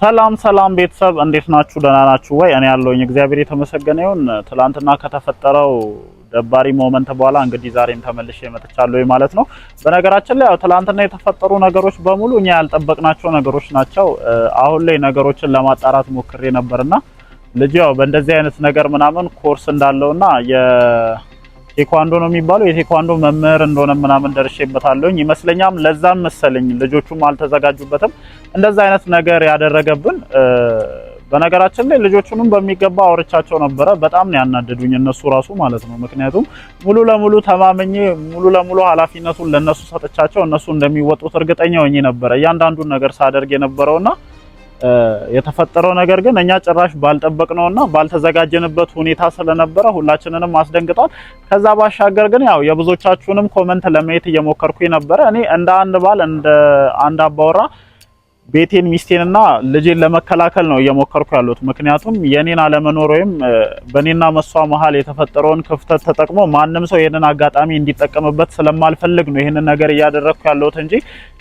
ሰላም ሰላም ቤተሰብ እንዴት ናችሁ? ደህና ናችሁ ወይ? እኔ ያለውኝ እግዚአብሔር የተመሰገነ ይሁን። ትላንትና ከተፈጠረው ደባሪ ሞመንት በኋላ እንግዲህ ዛሬም ተመልሼ መጥቻለሁ ማለት ነው። በነገራችን ላይ ያው ትላንትና የተፈጠሩ ነገሮች በሙሉ እኛ ያልጠበቅናቸው ነገሮች ናቸው። አሁን ላይ ነገሮችን ለማጣራት ሞክሬ ነበርና ልጅ ያው በእንደዚህ አይነት ነገር ምናምን ኮርስ እንዳለውና ቴኳንዶ ነው የሚባለው። የቴኳንዶ መምህር እንደሆነ ምናምን ደርሼበታለሁኝ ይመስለኛም። ለዛም መሰለኝ ልጆቹም አልተዘጋጁበትም እንደዛ አይነት ነገር ያደረገብን። በነገራችን ላይ ልጆቹንም በሚገባ አውርቻቸው ነበረ። በጣም ነው ያናደዱኝ እነሱ ራሱ ማለት ነው። ምክንያቱም ሙሉ ለሙሉ ተማመኜ ሙሉ ለሙሉ ኃላፊነቱን ለነሱ ሰጥቻቸው እነሱ እንደሚወጡት እርግጠኛ ሆኜ ነበረ እያንዳንዱን ነገር ሳደርግ የነበረውና የተፈጠረው ነገር ግን እኛ ጭራሽ ባልጠበቅነውና ባልተዘጋጀንበት ሁኔታ ስለነበረ ሁላችንንም አስደንግጧል። ከዛ ባሻገር ግን ያው የብዙዎቻችሁንም ኮመንት ለማየት እየሞከርኩኝ ነበረ። እኔ እንደ አንድ ባል እንደ አንድ አባወራ ቤቴን ሚስቴንና ልጄን ለመከላከል ነው እየሞከርኩ ያሉት። ምክንያቱም የኔን አለመኖር ወይም በኔና መሷ መሀል የተፈጠረውን ክፍተት ተጠቅሞ ማንም ሰው ይህንን አጋጣሚ እንዲጠቀምበት ስለማልፈልግ ነው ይህንን ነገር እያደረግኩ ያለሁት እንጂ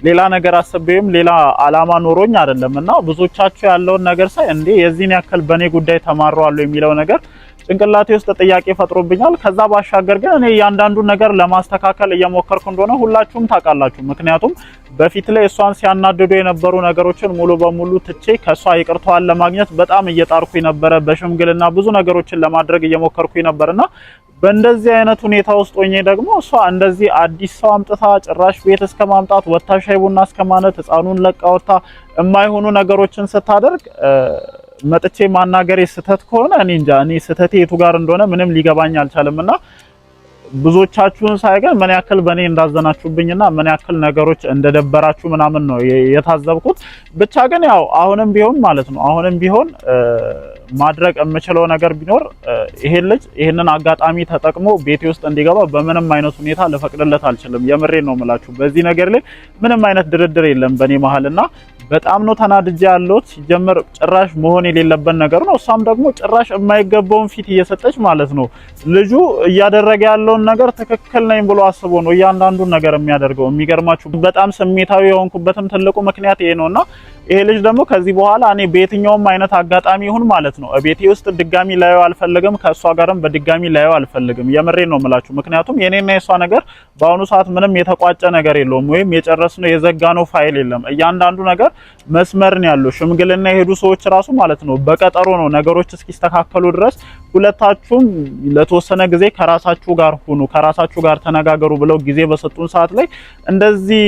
ሌላ ነገር አስቤም ሌላ አላማ ኖሮኝ አይደለም። እና ብዙዎቻችሁ ያለውን ነገር ሳይ እንዴ የዚህን ያክል በእኔ ጉዳይ ተማረዋሉ የሚለው ነገር ጭንቅላቴ ውስጥ ጥያቄ ፈጥሮብኛል። ከዛ ባሻገር ግን እኔ እያንዳንዱ ነገር ለማስተካከል እየሞከርኩ እንደሆነ ሁላችሁም ታውቃላችሁ። ምክንያቱም በፊት ላይ እሷን ሲያናድዱ የነበሩ ነገሮችን ሙሉ በሙሉ ትቼ ከእሷ ይቅርታዋን ለማግኘት በጣም እየጣርኩ ነበረ። በሽምግልና ብዙ ነገሮችን ለማድረግ እየሞከርኩ ነበርና በእንደዚህ አይነት ሁኔታ ውስጥ ሆኜ ደግሞ እሷ እንደዚህ አዲስ ሰው አምጥታ ጭራሽ ቤት እስከ ማምጣት ወታሻይ ቡና እስከ ማለት ህፃኑን ለቃ ወታ የማይሆኑ ነገሮችን ስታደርግ መጥቼ ማናገሬ ስህተት ከሆነ እኔ እንጃ እኔ ስህተቴ የቱ ጋር እንደሆነ ምንም ሊገባኝ አልቻለም። እና ብዙዎቻችሁን ሳይገን ምን ያክል በእኔ እንዳዘናችሁብኝና ምን ያክል ነገሮች እንደደበራችሁ ምናምን ነው የታዘብኩት። ብቻ ግን ያው አሁንም ቢሆን ማለት ነው አሁንም ቢሆን ማድረግ የምችለው ነገር ቢኖር ይሄ ልጅ ይሄንን አጋጣሚ ተጠቅሞ ቤቴ ውስጥ እንዲገባ በምንም አይነት ሁኔታ ልፈቅድለት አልችልም። የምሬ ነው የምላችሁ። በዚህ ነገር ላይ ምንም አይነት ድርድር የለም በእኔ መሀል እና በጣም ነው ተናድጄ ያለሁት። ሲጀመር ጭራሽ መሆን የሌለበት ነገር ነው። እሷም ደግሞ ጭራሽ የማይገባውን ፊት እየሰጠች ማለት ነው። ልጁ እያደረገ ያለውን ነገር ትክክል ነኝ ብሎ አስቦ ነው እያንዳንዱን ነገር የሚያደርገው። የሚገርማችሁ በጣም ስሜታዊ የሆንኩበትም ትልቁ ምክንያት ይሄ ነውና ይሄ ልጅ ደግሞ ከዚህ በኋላ እኔ በየትኛውም አይነት አጋጣሚ ይሁን ማለት ነው ቤቴ ውስጥ ድጋሚ ላየው አልፈልግም። ከእሷ ጋርም በድጋሚ ላየው አልፈልግም። የምሬ ነው የምላችሁ። ምክንያቱም የኔና የሷ ነገር በአሁኑ ሰዓት ምንም የተቋጨ ነገር የለውም፣ ወይም የጨረስነው የዘጋነው ፋይል የለም። እያንዳንዱ ነገር መስመር ነው ያለው። ሽምግልና የሄዱ ሰዎች ራሱ ማለት ነው በቀጠሮ ነው ነገሮች እስኪስተካከሉ ድረስ ሁለታችሁም ለተወሰነ ጊዜ ከራሳችሁ ጋር ሁኑ፣ ከራሳችሁ ጋር ተነጋገሩ ብለው ጊዜ በሰጡን ሰዓት ላይ እንደዚህ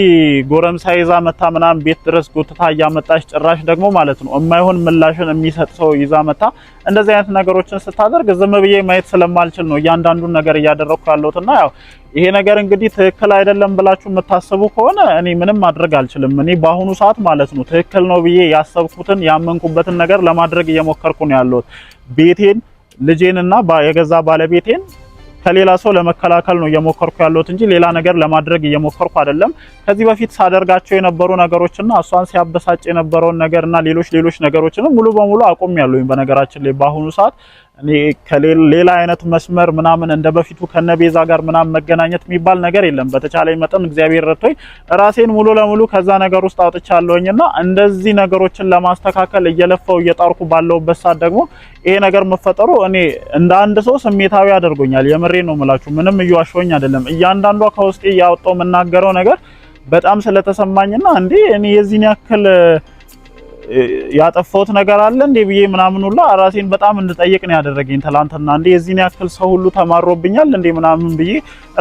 ጎረምሳ ይዛ መታ ምናምን ቤት ድረስ ጎትታ እያመጣች ጭራሽ ደግሞ ማለት ነው የማይሆን ምላሽን የሚሰጥ ሰው ይዛ መታ እንደዚህ አይነት ነገሮችን ስታደርግ ዝም ብዬ ማየት ስለማልችል ነው እያንዳንዱን ነገር እያደረኩ ያለሁትና ያው ይሄ ነገር እንግዲህ ትክክል አይደለም ብላችሁ የምታስቡ ከሆነ እኔ ምንም ማድረግ አልችልም። እኔ በአሁኑ ሰዓት ማለት ነው ትክክል ነው ብዬ ያሰብኩትን ያመንኩበትን ነገር ለማድረግ እየሞከርኩ ነው ያለሁት ቤቴን ልጄንና የገዛ ባለቤቴን ከሌላ ሰው ለመከላከል ነው እየሞከርኩ ያለሁት እንጂ ሌላ ነገር ለማድረግ እየሞከርኩ አይደለም። ከዚህ በፊት ሳደርጋቸው የነበሩ ነገሮችና እሷን ሲያበሳጭ የነበረውን ነገርና ሌሎች ሌሎች ነገሮችንም ሙሉ በሙሉ አቁም ያለሁኝ በነገራችን ላይ በአሁኑ ሰዓት እኔ ከሌላ አይነት መስመር ምናምን እንደ በፊቱ ከነቤዛ ጋር ምናምን መገናኘት የሚባል ነገር የለም። በተቻለ መጠን እግዚአብሔር ረድቶኝ ራሴን ሙሉ ለሙሉ ከዛ ነገር ውስጥ አውጥቻለሁኝና እንደዚህ ነገሮችን ለማስተካከል እየለፋው እየጣርኩ ባለውበት ሰዓት ደግሞ ይሄ ነገር መፈጠሩ እኔ እንደ አንድ ሰው ስሜታዊ አድርጎኛል። የምሬ ነው የምላችሁ፣ ምንም እየዋሸሁኝ አይደለም። እያንዳንዷ ከውስጤ እያወጣው የምናገረው ነገር በጣም ስለተሰማኝና እንዴ እኔ የዚህን ያክል ያጠፋሁት ነገር አለ እንዴ ብዬ ምናምን ሁላ ራሴን በጣም እንድጠይቅ ነው ያደረገኝ። ትላንትና እንዴ የዚህን ያክል ሰው ሁሉ ተማሮብኛል እንዴ ምናምን ብዬ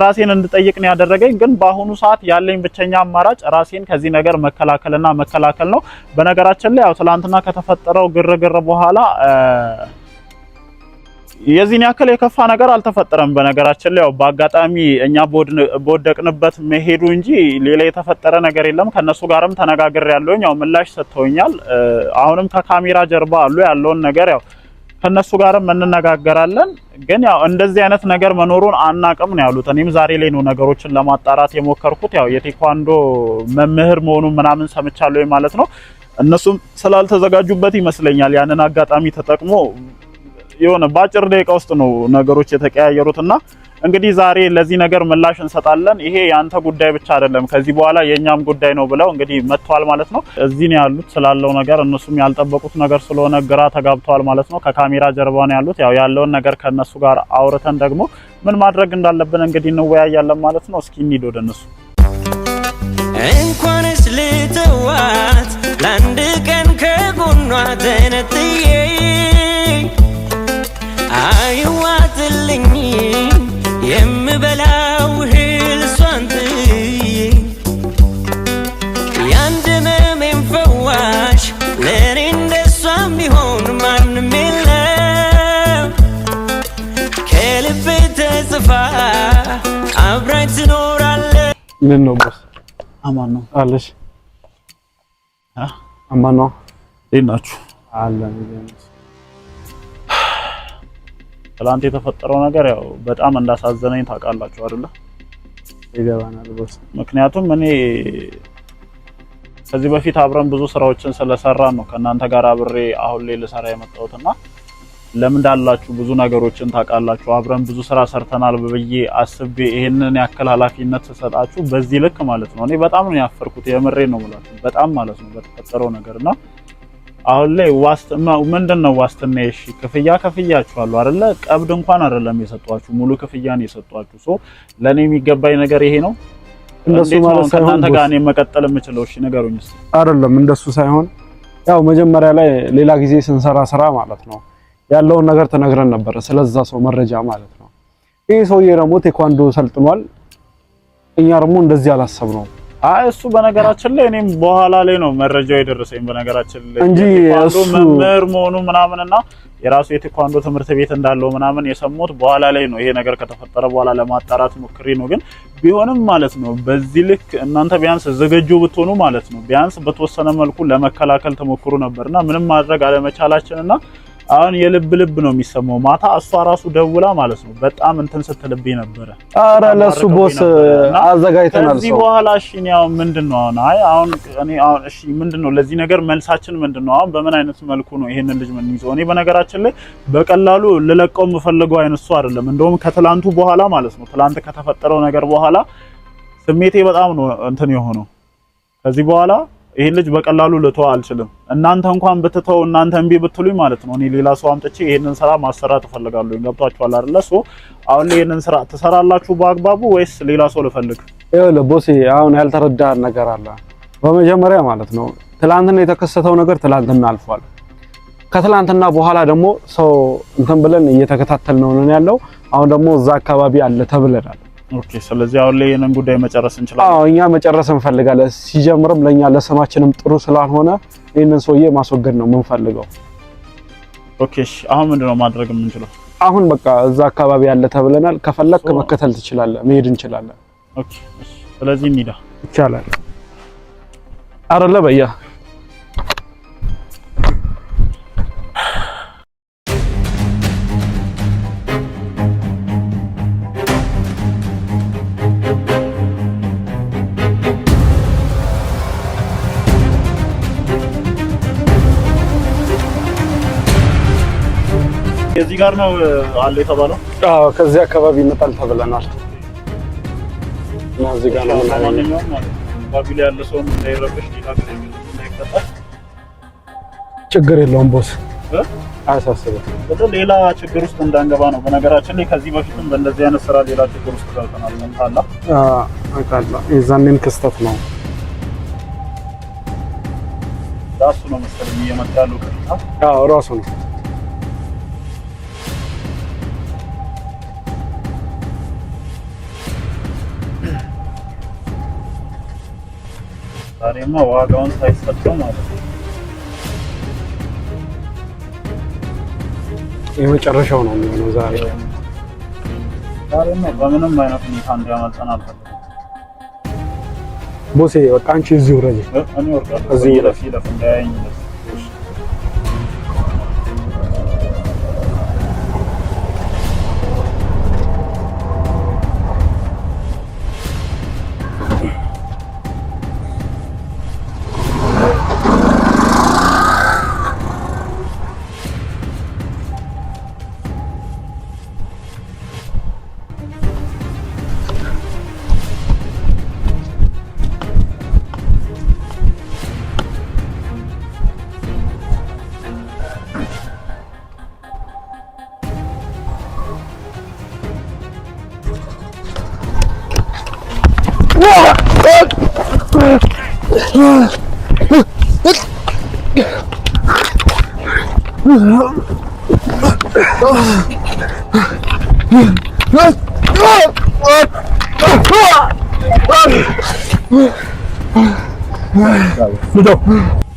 ራሴን እንድጠይቅ ነው ያደረገኝ። ግን በአሁኑ ሰዓት ያለኝ ብቸኛ አማራጭ ራሴን ከዚህ ነገር መከላከልና መከላከል ነው። በነገራችን ላይ ያው ትላንትና ከተፈጠረው ግርግር በኋላ የዚህን ያክል የከፋ ነገር አልተፈጠረም። በነገራችን ላይ ያው በአጋጣሚ እኛ በወደቅንበት መሄዱ እንጂ ሌላ የተፈጠረ ነገር የለም። ከነሱ ጋርም ያለውኝ ያው ምላሽ ሰጥተውኛል። አሁንም ከካሜራ ጀርባ አሉ ያለውን ነገር ያው ከነሱ ጋርም እንነጋገራለን። ግን ያው እንደዚህ አይነት ነገር መኖሩን አናቅም ነው ያሉት። እኔም ዛሬ ላይ ነው ነገሮችን ለማጣራት የሞከርኩት። ያው የቴኳንዶ መምህር መሆኑን ምናምን ሰምቻለሁ ማለት ነው። እነሱም ስላልተዘጋጁበት ይመስለኛል ያንን አጋጣሚ ተጠቅሞ የሆነ በአጭር ደቂቃ ውስጥ ነው ነገሮች የተቀያየሩትና እንግዲህ ዛሬ ለዚህ ነገር ምላሽ እንሰጣለን። ይሄ የአንተ ጉዳይ ብቻ አይደለም፣ ከዚህ በኋላ የእኛም ጉዳይ ነው ብለው እንግዲህ መጥተዋል ማለት ነው። እዚህ ነው ያሉት ስላለው ነገር እነሱም ያልጠበቁት ነገር ስለሆነ ግራ ተጋብተዋል ማለት ነው። ከካሜራ ጀርባ ነው ያሉት። ያው ያለውን ነገር ከነሱ ጋር አውርተን ደግሞ ምን ማድረግ እንዳለብን እንግዲህ እንወያያለን ማለት ነው። እስኪ እንሂድ ወደ እነሱ። እንኳንስ ልተዋት ለአንድ ቀን ከጎኗ ተነጥዬ አይዋጥልኝ የምበላው እህል እሷን ያንድ ሕመሜን ፈዋሽ ለእኔ እንደሷ ቢሆን ማንም የለም ከልብ ተጽፋ አብራኝ ትኖራለ ምን ነው ቦስ አማን ነው አለሽ አማን ነው ናችሁ አለ ትላንት የተፈጠረው ነገር ያው በጣም እንዳሳዘነኝ ታውቃላችሁ አይደለ? ይገባናል ቦስ። ምክንያቱም እኔ ከዚህ በፊት አብረን ብዙ ስራዎችን ስለሰራን ነው ከእናንተ ጋር አብሬ አሁን ላይ ልሰራ የመጣሁት ለምን ዳላችሁ ብዙ ነገሮችን ታውቃላችሁ፣ አብረን ብዙ ስራ ሰርተናል ብዬ አስቤ ይሄንን ያክል ኃላፊነት ተሰጣችሁ በዚህ ልክ ማለት ነው። እኔ በጣም ነው ያፈርኩት። የምሬ ነው ማለት በጣም ማለት ነው በተፈጠረው ነገርና አሁን ላይ ምንድን ነው ዋስትና? እሺ ክፍያ ከፍያችኋለሁ አይደለ? ቀብድ እንኳን አይደለም የሰጧችሁ፣ ሙሉ ክፍያ ነው የሰጧችሁ። ሶ ለኔ የሚገባኝ ነገር ይሄ ነው። እንደሱ ማለት ሳይሆን ከእናንተ ጋር መቀጠል የምችለው እሺ፣ ነገሩኝ። አይደለም እንደሱ ሳይሆን ያው መጀመሪያ ላይ ሌላ ጊዜ ስንሰራ ስራ ማለት ነው ያለውን ነገር ተነግረን ነበረ፣ ስለዛ ሰው መረጃ ማለት ነው። ይህ ሰውዬ ደግሞ ቴኳንዶ ሰልጥኗል። እኛ ደግሞ እንደዚህ አላሰብ ነው አይ እሱ በነገራችን ላይ እኔም በኋላ ላይ ነው መረጃው የደረሰኝ በነገራችን ላይ እንጂ እሱ መምህር መሆኑ ምናምንና የራሱ የቴኳንዶ ትምህርት ቤት እንዳለው ምናምን የሰሙት በኋላ ላይ ነው። ይሄ ነገር ከተፈጠረ በኋላ ለማጣራት ሞክሬ ነው። ግን ቢሆንም ማለት ነው በዚህ ልክ እናንተ ቢያንስ ዝግጁ ብትሆኑ ማለት ነው ቢያንስ በተወሰነ መልኩ ለመከላከል ተሞክሩ ነበርና ምንም ማድረግ አለመቻላችንና አሁን የልብ ልብ ነው የሚሰማው። ማታ እሷ ራሱ ደውላ ማለት ነው በጣም እንትን ስትልብኝ ነበረ። አረ ለሱ ቦስ አዘጋጅተናል። ከዚህ በኋላ እሺ ነው ምንድነው? አሁን አይ አሁን እኔ አሁን እሺ ምንድነው ለዚህ ነገር መልሳችን ምንድነው? አሁን በምን አይነት መልኩ ነው ይሄንን ልጅ ምን ይዘው? እኔ በነገራችን ላይ በቀላሉ ልለቀው የምፈልገው አይነት እሱ አይደለም። እንደውም ከትላንቱ በኋላ ማለት ነው ትላንት ከተፈጠረው ነገር በኋላ ስሜቴ በጣም ነው እንትን የሆነው ከዚህ በኋላ ይሄ ልጅ በቀላሉ ልተው አልችልም። እናንተ እንኳን ብትተው እናንተ እምቢ ብትሉኝ ማለት ነው እኔ ሌላ ሰው አምጥቼ ይሄንን ስራ ማሰራት እፈልጋለሁ። ገብቷችኋል አይደለ? ሶ አሁን ይሄንን ስራ ትሰራላችሁ በአግባቡ ወይስ ሌላ ሰው ልፈልግ? ይኸውልህ ቦሴ፣ አሁን ያልተረዳ ነገር አለ። በመጀመሪያ ማለት ነው ትላንትና የተከሰተው ነገር ትላንትና አልፏል። ከትላንትና በኋላ ደግሞ ሰው እንትን ብለን እየተከታተል ነው ያለው። አሁን ደግሞ እዛ አካባቢ አለ ተብለናል ኦኬ። ስለዚህ አሁን ላይ ይሄንን ጉዳይ መጨረስ እንችላለን። አዎ እኛ መጨረስ እንፈልጋለን። ሲጀምርም ለኛ ለስማችንም ጥሩ ስላልሆነ ይህንን ሰውዬ ማስወገድ ነው የምንፈልገው። ኦኬ። አሁን ምንድነው ማድረግ የምንችለው? አሁን በቃ እዛ አካባቢ ያለ ተብለናል። ከፈለክ መከተል ትችላለህ፣ መሄድ እንችላለን። ኦኬ። ስለዚህ እንሂዳ ይቻላል። አረለ በያ ከዚህ ጋር ነው አለ የተባለው። አዎ ከዚህ አካባቢ ይመጣል ተብለናል። እና እዚህ ጋር ነው ማለት አካባቢ ላይ ያለ ሰው እንዳይረብሽ ችግር የለውም ቦስ አያሳስብም። በጣም ሌላ ችግር ውስጥ እንዳንገባ ነው። በነገራችን ላይ ከዚህ በፊትም በእንደዚህ አይነት ስራ ሌላ ችግር ውስጥ ገብተናል። ታላ አቃላ የዛኔን ክስተት ነው ዳሱ ነው መሰለኝ እየመጣ ያለው ቀጥታ። አዎ ራሱ ነው ዛሬማ ዋጋውን ሳይሰጠው ማለት ነው። የመጨረሻው ነው የሚሆነው ዛሬ ዛሬማ በምንም አይነት ሁኔታ እንዲያመልጠን አልፈልግም። ቦሴ በቃ አንቺ እዚህ ውረጅ፣ እዚህ ይለፍ ይለፍ Let's go.